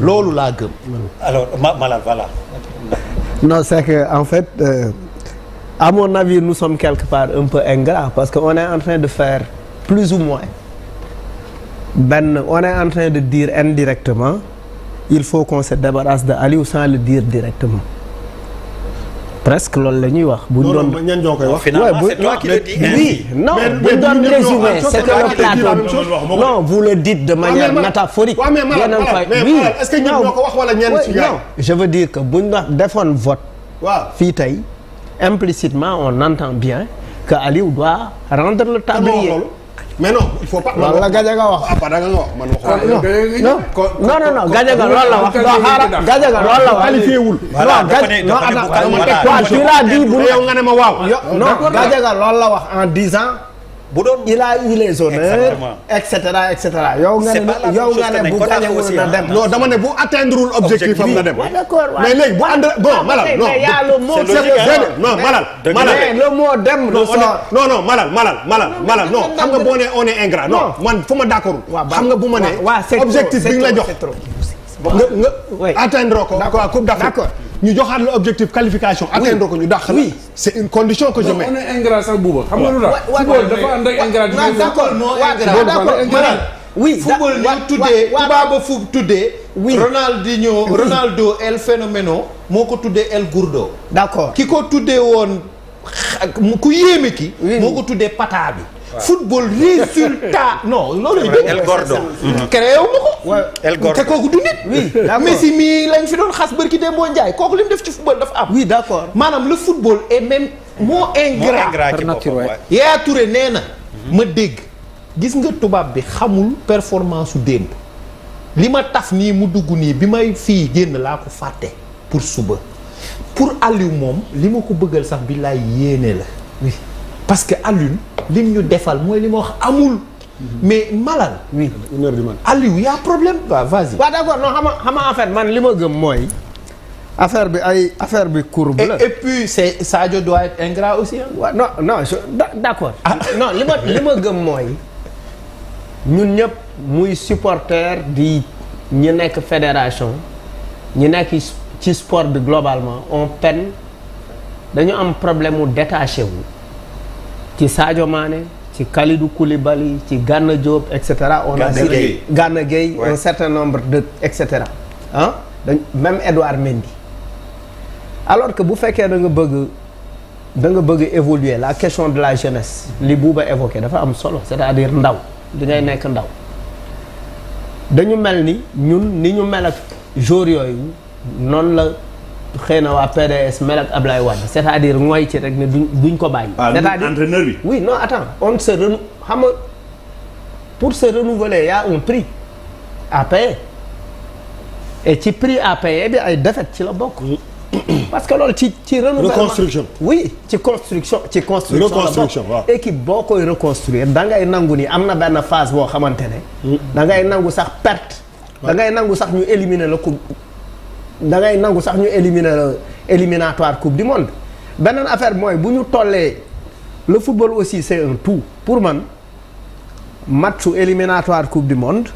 loolu laa gëm. alors ma malade voilà. c'est que en fait euh, à mon avis nous sommes quelque part un peu ingrats parce que on est en train de faire plus ou moins benn on est en train de dire indirectement il faut qu'on se débarrasse de Aliou sans le dire directement. presque loolu la ñuy wax. bu ñu doon ñan ñoo koy wax. finalement c'est toi qui le dis. oui non bu ñu doon résumer c'est que le plateau. non vous le dites de manière métaphorique. waaw mais maanaam est-ce que ñun ñoo ko wax wala ñenn ci non je veux dire que bu ñu doon defoon vote. waaw fii tey implicitement on entend bien que Aliou doit rendre le tablier. mais non il faut pas. loolu la Gajaga wax ah Fada nga wax man non non non ga Gajaga loolu la wax. non xaaral Gajaga loolu la wax. qualifié wul. voilà dafa ne dafa ne bu bu bu bu bu bu bu bu bu bu bu bu bu bu bu bu bu doon il a eu les honneurs et cetera et cetera yow nga ne yow nga ne bu gagné aussi na dem non dama ne bu atteindreul objectif am na dem ah, mais léegi bu ah, ànd bon malal non non malal malal le mot dem non non malal malal malal malal non xam nga boo nee on est ingrat non man fu ma d'accord xam nga bu ma ne objectif bi nga la jox nga nga atteindre ko quoi coupe d'Afrique ñu joxaat la objectif qualification. atteindre ko ñu dàq la oui c'est une condition que je mets. on xam nga lu tax football dafa ànd ak ingrat. waaw d'accord non ingrat oui football li ba fu tuddee. oui Ronaldinho Ronaldo El Fenomeno moo ko tuddee El Gourdo. d'accord ki ko tuddee woon ku yéeme ki. moo ko tuddee pata bi. football résultat non loolu. El Gordo mhm. créé wu ko. El Gordo kooku du nit. Messi mii lañ fi doon xas barki Dembo Ndiaye kooku li mu def ci football dafa am. oui d'accord maanaam la football est même moo ingrat. par nature Yaya Touré nee na. Mhm. ma dégg gis nga tubaab bi xamul performance su démb. li ma taf nii mu dugg nii bi may fii génn laa ko fàtte pour suba pour Aliou moom li ma ko bëggal sax bi laay yéene la. parce que Aliou lim ñu defal mooy li ma wax amul. mais malal. oui une heure du matin Aliou y' a problème. waaw vas-y man li ma gëm mooy. affaire bi ay affaire bi courbe la. et puis c'est Sadio doit être ingrat aussi waaw ah. li ma li ma gëm mooy. ñun ñëpp muy supporter di ñu nekk fédération ñu nekk ci sport bi globalement on peine dañu am problème mu détaché wu. ci Sadio Mané ci Kalidou Koulibaly ci Gana Diop et cetera. on a cité Gana Gueye un certain nombre de et cetera ah même Edouard Mendy alors que bu fekkee da nga bëgg da nga bëgg évoluer la question de la jeunesse li Bouba évoqué dafa am solo c'est-à-dire ndaw dangay nekk ndaw dañu mel ni ñun ni ñu mel ak jour yooyu noonu la. xëy na waa PDS mel ak Ablaye Wade c'est-à-dire mooy ci rek ne duñ duñ ko bàyyi. Ah, c'est-à-dire entraîneur bi. oui on se renou xam nga pour se renouveler y a prix à payer et ci prix à payer bi ay défaite ci la bokk. Mm. parce que loolu ci ci renouvellement reconstruction. oui ci construction ci construction. reconstruction équipe boo koy reconstruire da ngay nangu nii am na benn phase boo xamante ne. Mm. da ngay nangu sax perte. da nangu sax ñu éliminer la ko. da ngay nangu sax ñu éliminer la éliminatoire coupe du monde beneen affaire mooy bu ñu tollee le football aussi c'est un tout pour man matchu éliminatoire coupe du monde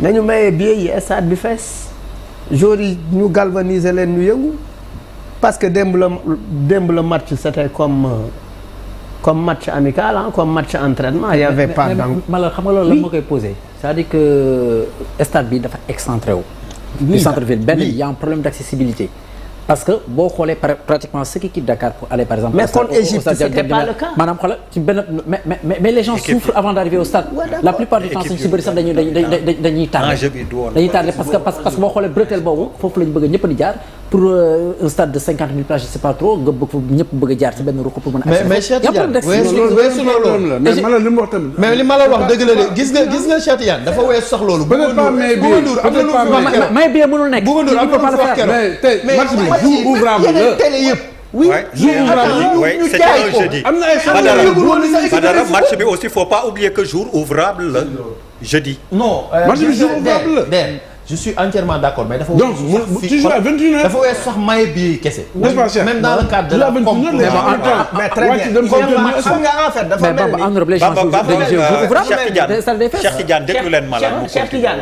nañu mayee bi yi stade bi fees jour yi ñu galvaniser leen ñu yëngu parce que démb la démb la match c'était comme comme match amical ah comme match entraînement il y avait pas d'angle. xam nga loolu la moo koy posé c'est-à-dire que stade bi dafa excentré wu. du centre-ville benn il y a un problème d'accessibilité parce que boo xoolee pratiquement ceux qui quittent Dakar pour aller par exemple. mais kon Égypte c'était pas le cas maanaam xoolal les gens souffrent avant d'arriver au stade. la plupart du temps suñu si bëri sax dañuy dañuy dañuy tardé. dañuy tardé parce que parce que boo xoolee pour euh, un stade de cinquante mille places je sais pas trop nga bëgg fa ñëpp bëgg a jaar ci benn ruq pour mën a. mais mais Cheikh Tidiane weesu loolu weesu loolu la mais man la li mu wax tamit. mais li ma la wax dëgg la de gis nga gis nga Cheikh Tidiane dafa weesu sax loolu. bu ma may bi may bi mënul nekk. bu ma dóor am na lu mu wax keroog mais tey match bi jour ouvrable la yeneen télé yëpp. oui jour ouvrable ñu jaay ko am na ay fan. Badara match bi aussi faut pas oublier que jour ouvrable la euh, jeudi. non match bi jour ouvrable la je suis entièrement d'accord mais dafa. donc bi kese. même dans le cadre de la com. mais très en fait dafa mel ni. mais les gens Cheikh Tidiane leen ma la. Cheikh nga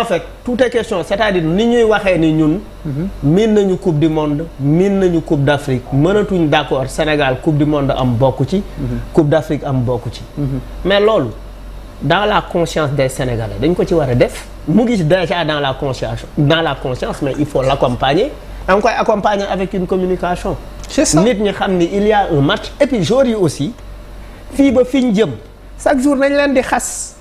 en fait question cest ni ñuy waxee ni ñun. Mhm. miin nañu coupe du monde miin nañu coupe d'Afrique mënatuñ d'accord Sénégal coupe du monde am bokk ci. Mhm. coupe d'Afrique am bokk ci. Mhm. mais loolu dans la conscience des Sénégalais dañ ko ci war a def. mu ngi déjà dans la conscience dans la conscience mais il faut l'accompagner da nga koy accompagner avec une communication. c'est ça nit ñi xam ni il y a un match et yi aussi fii ba fi ñu jëm chaque jour nañ leen di xas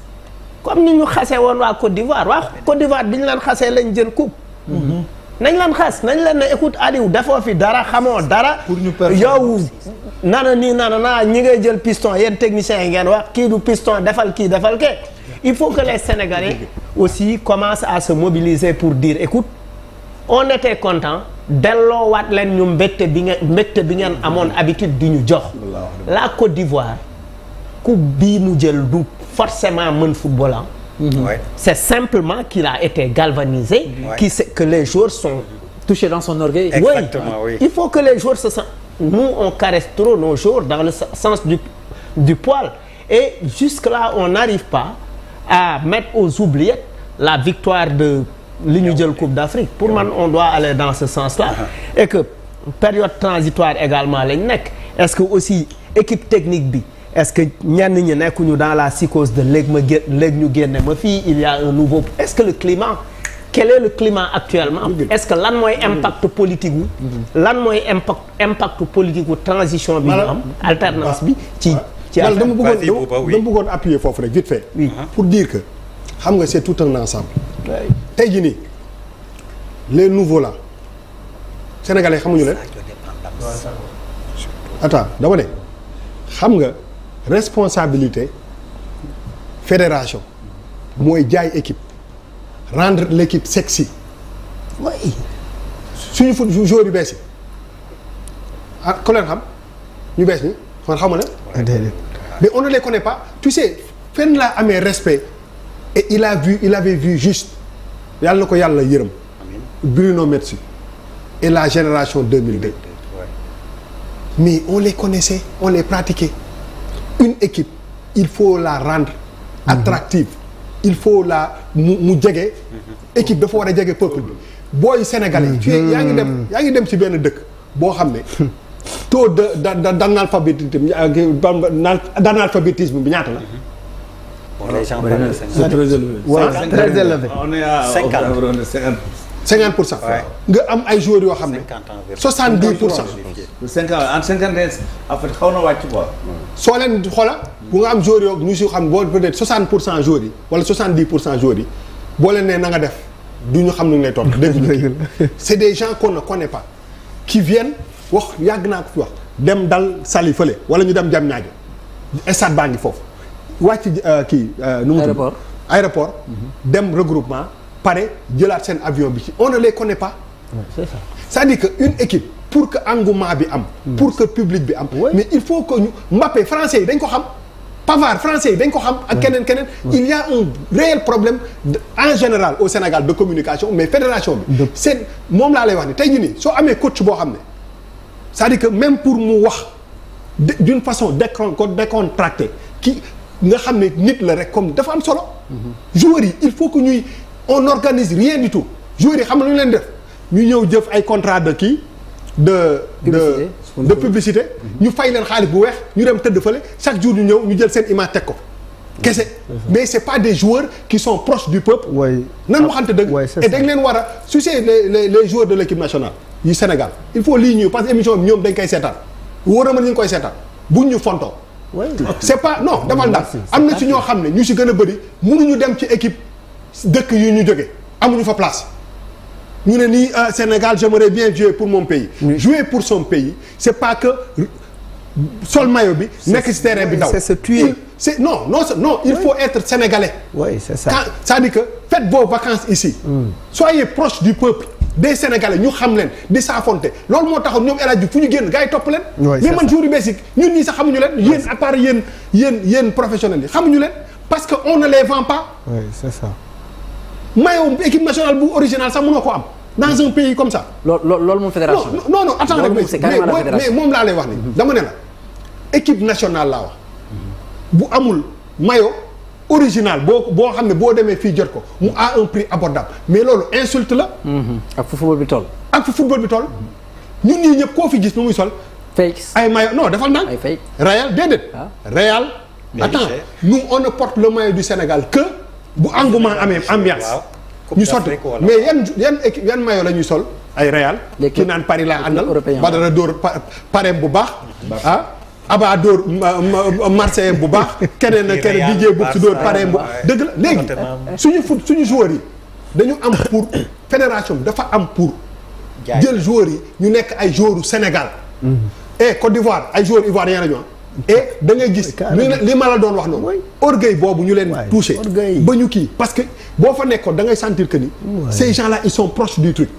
comme ni ñu xasee woon waa Côte d'Ivoire waa Côte d'Ivoire bi ñu leen xasee lañ jël coupe. Mm-hmm. nañ leen xas nañ leen ne écoute wu dafoo fi dara xamoo dara. pour ñu yow nana nii nana naa ñi ngay jël piston yéen techniciens yi ngeen wax kii du piston defal kii defal il faut que les Sénégalais aussi commencent à se mobiliser pour dire écoute on était content delloowaat leen ñu mbégte bi ngeen amoon habitude di ñu jox la Côte d'Ivoire coupe bii mu jël du forcément mën footballant ah. mhm. c'est simplement qu'il a été galvanisé qui sait que les joueurs sont touchés dans son orgueil exactement nous on caresse trop nos joueurs dans le sens du poil et jusque là on n'arrive pas à mettre aux oubliettes la victoire de li ñu jël Coupe d'Afrique pour man on doit aller dans ce sens la uh-huh. et que période transitoire également lañ nekk est-ce que aussi équipe technique bi est-ce que ñenn ñi nekkuñu dans la psychose de léegi ma gé léegi ñu génne ma fii il y a un nouveau est-ce que le climat quel est le climat actuellement mm-hmm. est-ce que lan mooy mm-hmm. impact politique wu mm-hmm. lan mooy impact impact politique wu transition bi ñu am alternance bi ci ci affaire dama bëggoon dama bëggoon appuyer foofu rek vite fait. Uh-huh. pour dire que xam nga c'est tout na ensemble. tey jii nii les nouveau la sénégal xamuñu leen. attends dama xam nga responsabilité fédération mooy jaay équipe rendre l'équipe sexy. waay suñu fu joueur yu bees yi ah ku leen xam ñu bees ñi man xamu ne. mais on ne les connaît pas tu sais fenn laa amee respect et il a vu il avait vu juste yàlla na ko yàlla yërëm Bruno Metsu et la génération deux 2002 mais on les connaissait on les pratiquait une équipe il faut la rendre mm-hmm. attractive il faut la mu mu jege mm-hmm. équipe dafa war a jege peuple bi mm-hmm. booy sénégalais yi yaa ngi dem yaa ngi dem ci benn dëkk boo xam ne taux de d'analphabétisme euh, d'analphabétisme bi ñaata la. bon les gens c'est nga am ay joueurs yoo xam ne. 70 pour cent. 50 en 51 en fait xaw na wàcc quoi. soo ñu si xam boo peut pour cent joueurs yi wala 70 pour cent joueurs yi boo leen nee na def du ñu xam nu lay topp c'est des gens qu'on ne pas qui viennent. wax yàgg naa ko fi wax dem dal sali fële wala ñu dem jam ñaajo stade baa ngi foofu wàcc euh, kii euh, nu mu aéroport aéroport mhm. dem regroupement pare jëlaat seen avion bi ci on ne les connaît pas c'est dire que une équipe pour que engouement bi am mm. pour que public bi am mais il faut que ñu Mbappé français yi dañ ko xam Pavard français yi dañ ko xam ak keneen keneen il y a un réel problème en général au Sénégal de communication mais fédération bi seen moom laa lay wax ni tey jii nii soo amee coach boo xam ne c'est-à-dire que même pour mu wax d'une façon décon décontractée ki nga xam ne nit la rek comme dafa am solo. Mhm. joueurs yi il faut que ñuy on organise rien du tout joueurs yi xam nga lu ñu leen def ñu ñëw jëf ay contrat de kii de de de publicité. Mhm. ñu fay leen xaalis bu weex ñu dem tëdd fële chaque jour ñu ñëw ñu jël seen image teg ko. kese mais c'est pas des joueurs qui son proches du peuple nan waxante dëgg et dañ leen war a sucer les les joueurs de l'équipe nationale yu Sénégal il faut lii ñuy parce émission bi dañ koy seetaan wóor a mën ñu koy seetaan buñ ñu fontoo c'est pas non defal ndax am na ci ñoo xam ne ñu si gën a bëri ñu dem ci équipe dëkk yu ñu jóge amuñu fa place ñu ne nii ah, Sénégal j'aimerais bien jouer pour mon pays jouer pour son pays c'est pas que sol maillot bi nekk si terrain bi daw c'est c'est non non non il oui. faut être sénégalais. oui c'est ça quand c'est-à-dire que faites vos vacances ici. Mm. soyez proche du peuple. des sénégalais ñu xam leen di saafonte loolu moo tax ñoom El Hadj fu ñu génn gars yi leen. mais man jour yu sax xamuñu leen. yéen à part yéen xamuñu leen parce que on ne les vend pas. oui équipe nationale bu original sax mënoo ko am. dans un pays comme ça. loo loolu moom fédération mais moom laa lay wax ni dama ne la équipe nationale laa wax. bu amul maillot original boo boo xam ne boo demee fii jot ko mu a un prix abordable mais loolu insult la. Mm-hmm. ak fu football bi toll. ak fu football bi toll ñun ñii ñëpp koo fi gis nu muy sol. fakes ay maillot non defal ndànk. ay fake Real déedéet. Ah. Real. attends nous on porte le maillot du Sénégal que bu engouement amee ambiance. ñu sotti mais yan yan équipe yan maillot la ñuy sol ay Real. ki naan Paris laa àndal. badara dóor parem bu baax ah. Abba Dóor Marseille bu baax. keneen ak keneen DJ Boubou su Dóor pare bu dëgg la léegi suñu foot suñu joueurs yi dañu am pour fédération bi dafa am pour. jël joueurs yi ñu nekk ay joueurs Sénégal. Mm-hmm. et Côte d'Ivoire ay joueurs ivoiriens la ñu et da ngay gis li ma la doon wax noonu orgueil boobu ñu leen touché ba ñu kii parce que boo fa nekkoon dangay ngay sentir que ni ces gens là ils sont du truc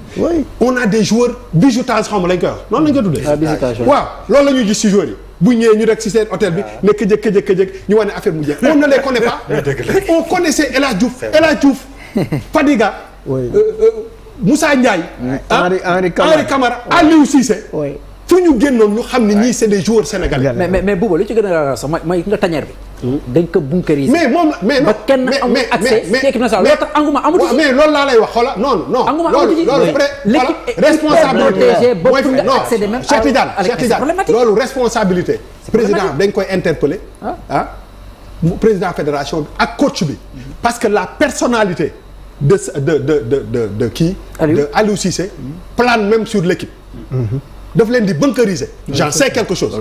on a des joueurs bijoutage xaw ma lañ koy wax la ñuy gis ci joueurs yi bu ñëwee ñu rek si seen hôtel bi ne këjëk këjëk këjëk ñu wane affaire mu jeex on ne les connaît pas on connaissait El Hadj Diouf El Hadj Diouf Fadiga euh, euh, Moussa Ndiaye Henri Camara Aliou Cissé fu ñu génnoon ñu xam ni ñii c'est des joueurs sénégalais mais mais booba lu ci gën a sax mooy nga tañeer bi dañ ko bunkeriser. mais moom mais non ba kenn amul accès ci équipe nationale loolu tax anguma amatu ci. loolu laa lay wax xoola non non. anguma amatu ci loolu loolu responsabilité mooy fi non Cheikh Tidiane Cheikh Tidiane loolu responsabilité. président dañ koy interpeller ah, ah président fédération bi ak coach bi parce que la personnalité. de de de de de de kii. Aliou de Aliou Cissé même sur l'équipe. mm daf leen di bunkeriser. j'en sais quelque chose.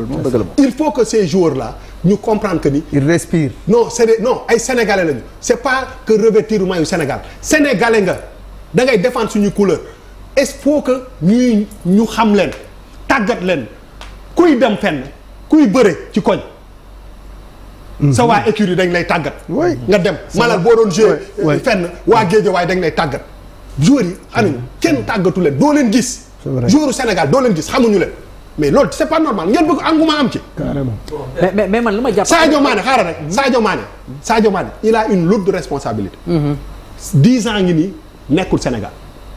il faut que ces joueurs là ñu comprendre que ni. ils respirent. non c'est ay sénégalais lañu c'est pas que revêtir maillot Sénégal sénégale nga dangay ngay défendre suñu couleur il que ñuy ñu xam leen tàggat leen kuy dem fenn kuy bëre ci koñ. sa mhm. waa écurie dañ lay tàggat. nga dem malal boo doon jouer fenn waa géejawaay dañ lay tàggat. joueurs yi anuñ kenn tàggatu leen doo leen gis. joueur Sénégal doo leen gis xamuñu leen mais loolu c'est pas normal ngeen bëgg engouement am ci. carrément mais ma jàpp. Sadio Mané xaaral rek Sadio Mané. Sadio Mané il a une lourde responsabilité. Mm-hmm. dix ans ngi nii nekkul Sénégal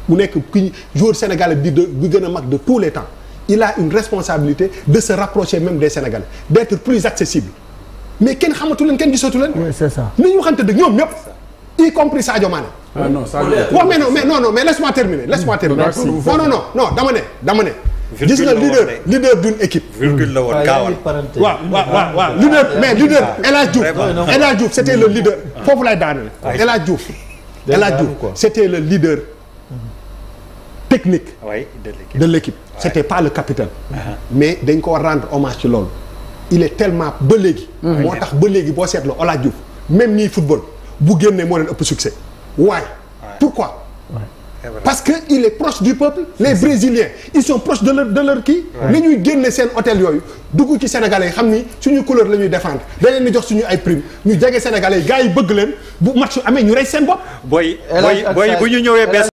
mu nekk ki joueur sénégalais bi de bi gën a mag de tous les temps il a une responsabilité de se rapprocher même des Sénégalais d'être plus accessible mais kenn xamatu leen kenn gisatu leen. oui c'est ça ni ñu waxante dëgg ñoom ñëpp y compris Sadio ah non ça wax mais non mais non non mais dama ne dama ne. gis nga mais leader El foofu lay daanale El Hadj Diouf El Hadj Diouf c'était le ah. ah, leader technique de l'équipe c'était pas le capitaine ah, mais dañ ko rendre hommage ci loolu il est tellement ba léegi moo tax ba léegi boo seetloo El Hadj Diouf même nii football bu génnee moo leen ëpp succès Why? Pourquoi? parce que il est proche du peuple les brésiliens ils sont proches de leur de leur kii li ñuy génne seen hôtel yooyu dugg ci sénégalais yi xam ni suñu couleur la ñuy défendre dañ leen di jox suñu ay prime ñu jege sénégalais yi gars yi bëgg leen bu match amee ñu rey seen bopp booy booy bu ñu ñëwee bees